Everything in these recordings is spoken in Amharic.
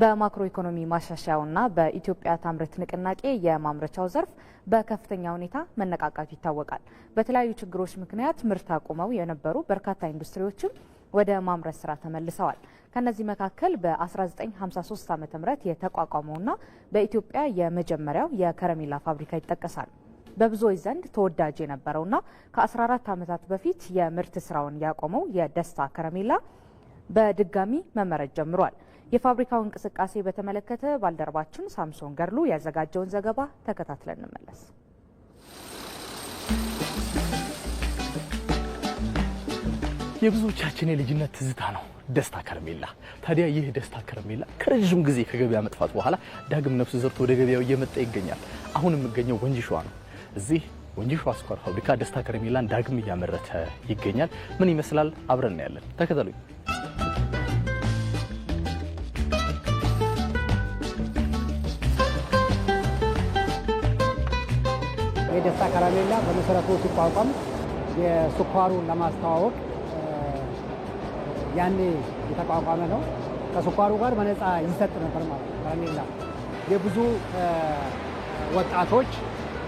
በማክሮ ኢኮኖሚ ማሻሻያውና በኢትዮጵያ ታምርት ንቅናቄ የማምረቻው ዘርፍ በከፍተኛ ሁኔታ መነቃቃቱ ይታወቃል። በተለያዩ ችግሮች ምክንያት ምርት አቁመው የነበሩ በርካታ ኢንዱስትሪዎችም ወደ ማምረት ስራ ተመልሰዋል። ከነዚህ መካከል በ1953 ዓ ም የተቋቋመውና በኢትዮጵያ የመጀመሪያው የከረሜላ ፋብሪካ ይጠቀሳል። በብዙዎች ዘንድ ተወዳጅ የነበረውና ከ14 ዓመታት በፊት የምርት ስራውን ያቆመው የደስታ ከረሜላ በድጋሚ መመረት ጀምሯል። የፋብሪካው እንቅስቃሴ በተመለከተ ባልደረባችን ሳምሶን ገርሉ ያዘጋጀውን ዘገባ ተከታትለን እንመለስ። የብዙዎቻችን የልጅነት ትዝታ ነው ደስታ ከረሜላ። ታዲያ ይህ ደስታ ከረሜላ ከረዥም ጊዜ ከገበያ መጥፋት በኋላ ዳግም ነፍስ ዘርቶ ወደ ገበያው እየመጣ ይገኛል። አሁን የምገኘው ወንጂ ሸዋ ነው። እዚህ ወንጂ ሸዋ ስኳር ፋብሪካ ደስታ ከረሜላን ዳግም እያመረተ ይገኛል። ምን ይመስላል? አብረን እናያለን። ተከተሉኝ። የደስታ ከረሜላ በመሰረቱ ሲቋቋም የስኳሩን ለማስተዋወቅ ያኔ የተቋቋመ ነው። ከስኳሩ ጋር በነፃ ይሰጥ ነበር ማለት ነው። ከረሜላ የብዙ ወጣቶች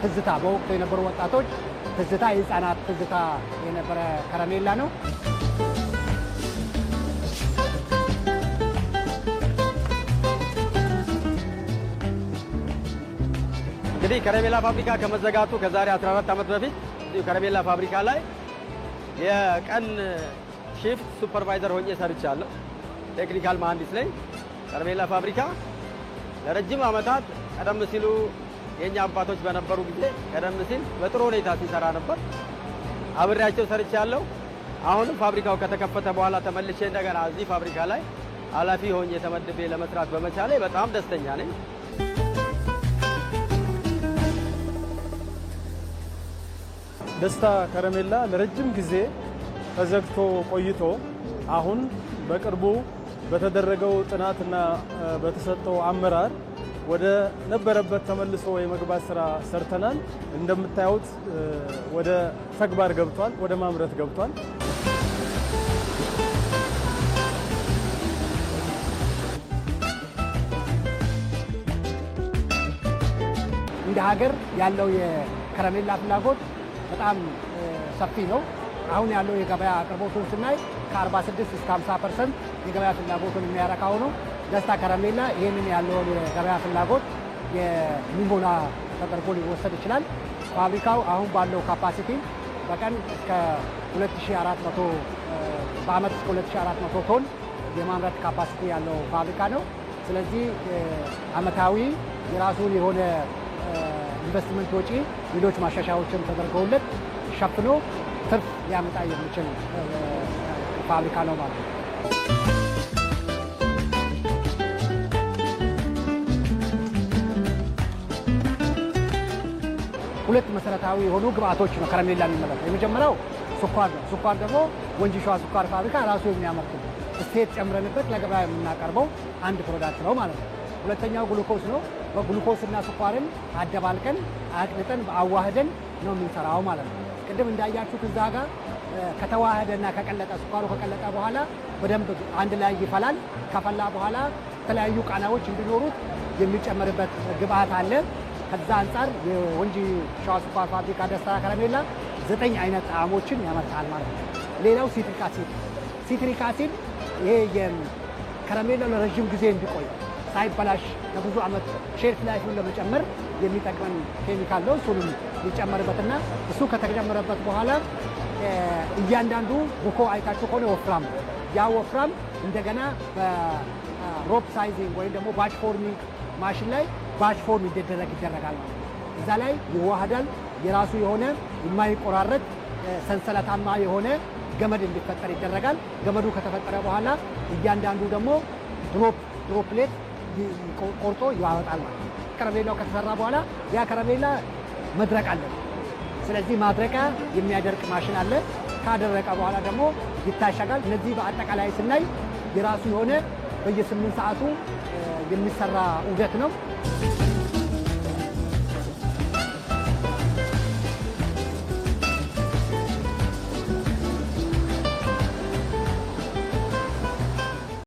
ትዝታ፣ በወቅቱ የነበሩ ወጣቶች ትዝታ፣ የህፃናት ትዝታ የነበረ ከረሜላ ነው። እንግዲህ ከረሜላ ፋብሪካ ከመዘጋቱ ከዛሬ 14 ዓመት በፊት ከረሜላ ፋብሪካ ላይ የቀን ሺፍት ሱፐርቫይዘር ሆኜ ሰርቻለሁ። ቴክኒካል መሀንዲስ ነኝ። ከረሜላ ፋብሪካ ለረጅም ዓመታት ቀደም ሲሉ የእኛ አባቶች በነበሩ ጊዜ ቀደም ሲል በጥሩ ሁኔታ ሲሰራ ነበር። አብሬያቸው ሰርቻለሁ። አሁንም ፋብሪካው ከተከፈተ በኋላ ተመልሼ እንደገና እዚህ ፋብሪካ ላይ ኃላፊ ሆኜ ተመድቤ ለመስራት በመቻሌ በጣም ደስተኛ ነኝ። ደስታ ከረሜላ ለረጅም ጊዜ ተዘግቶ ቆይቶ አሁን በቅርቡ በተደረገው ጥናትና በተሰጠው አመራር ወደ ነበረበት ተመልሶ የመግባት ስራ ሰርተናል። እንደምታዩት ወደ ተግባር ገብቷል፣ ወደ ማምረት ገብቷል። እንደ ሀገር ያለው የከረሜላ ፍላጎት በጣም ሰፊ ነው። አሁን ያለው የገበያ አቅርቦቱን ስናይ ከ46 እስከ 50 ፐርሰንት የገበያ ፍላጎቱን የሚያረካው ነው። ደስታ ከረሜላ ይህንን ያለውን የገበያ ፍላጎት የሚሞላ ተደርጎ ሊወሰድ ይችላል። ፋብሪካው አሁን ባለው ካፓሲቲ በቀን እስከ 2400 በአመት እስከ 2400 ቶን የማምረት ካፓሲቲ ያለው ፋብሪካ ነው። ስለዚህ አመታዊ የራሱን የሆነ ኢንቨስትመንት ወጪ፣ ሌሎች ማሻሻያዎችን ተደርገውለት ሸፍኖ ትርፍ ሊያመጣ የሚችል ፋብሪካ ነው ማለት ነው። ሁለት መሰረታዊ የሆኑ ግብአቶች ነው ከረሜላ የሚመረት የመጀመሪያው ስኳር ነው። ስኳር ደግሞ ወንጂ ሸዋ ስኳር ፋብሪካ ራሱ የሚያመርት ነው። እሴት ጨምረንበት ለገበያ የምናቀርበው አንድ ፕሮዳክት ነው ማለት ነው። ሁለተኛው ግሉኮስ ነው። በግሉኮስና ስኳርን አደባልቀን አቅልጠን አዋህደን ነው የምንሰራው ማለት ነው። ቅድም እንዳያችሁት እዛ ጋር ከተዋህደና ከቀለጠ ስኳሩ ከቀለጠ በኋላ በደንብ አንድ ላይ ይፈላል። ከፈላ በኋላ የተለያዩ ቃናዎች እንዲኖሩት የሚጨምርበት ግብአት አለ። ከዛ አንጻር የወንጂ ሸዋ ስኳር ፋብሪካ ደስታ ከረሜላ ዘጠኝ አይነት ጣዕሞችን ያመርታል ማለት ነው። ሌላው ሲትሪክ አሲድ፣ ሲትሪክ አሲድ ይሄ የከረሜላው ለረዥም ጊዜ እንዲቆይ ሳይበላሽ ለብዙ ዓመት ሼልፍ ላይፉን ለመጨመር የሚጠቅመን ኬሚካል ነው። እሱንም ይጨመርበትና እሱ ከተጨመረበት በኋላ እያንዳንዱ ቡኮ አይታችሁ ከሆነ ወፍራም ያ ወፍራም እንደገና በሮፕ ሳይዚንግ ወይም ደግሞ ባች ፎርሚንግ ማሽን ላይ ባች ፎርም እንዲደረግ ይደረጋል ማለት ነው። እዛ ላይ ይዋሃዳል። የራሱ የሆነ የማይቆራረጥ ሰንሰለታማ የሆነ ገመድ እንዲፈጠር ይደረጋል። ገመዱ ከተፈጠረ በኋላ እያንዳንዱ ደግሞ ድሮፕ ድሮፕሌት ቆርጦ ያወጣል ማለት ነው። ከረሜላው ከተሰራ በኋላ ያ ከረሜላ መድረቅ አለ። ስለዚህ ማድረቂያ የሚያደርቅ ማሽን አለ። ካደረቀ በኋላ ደግሞ ይታሸጋል። እነዚህ በአጠቃላይ ስናይ የራሱ የሆነ በየስምንት ሰዓቱ የሚሰራ ውደት ነው።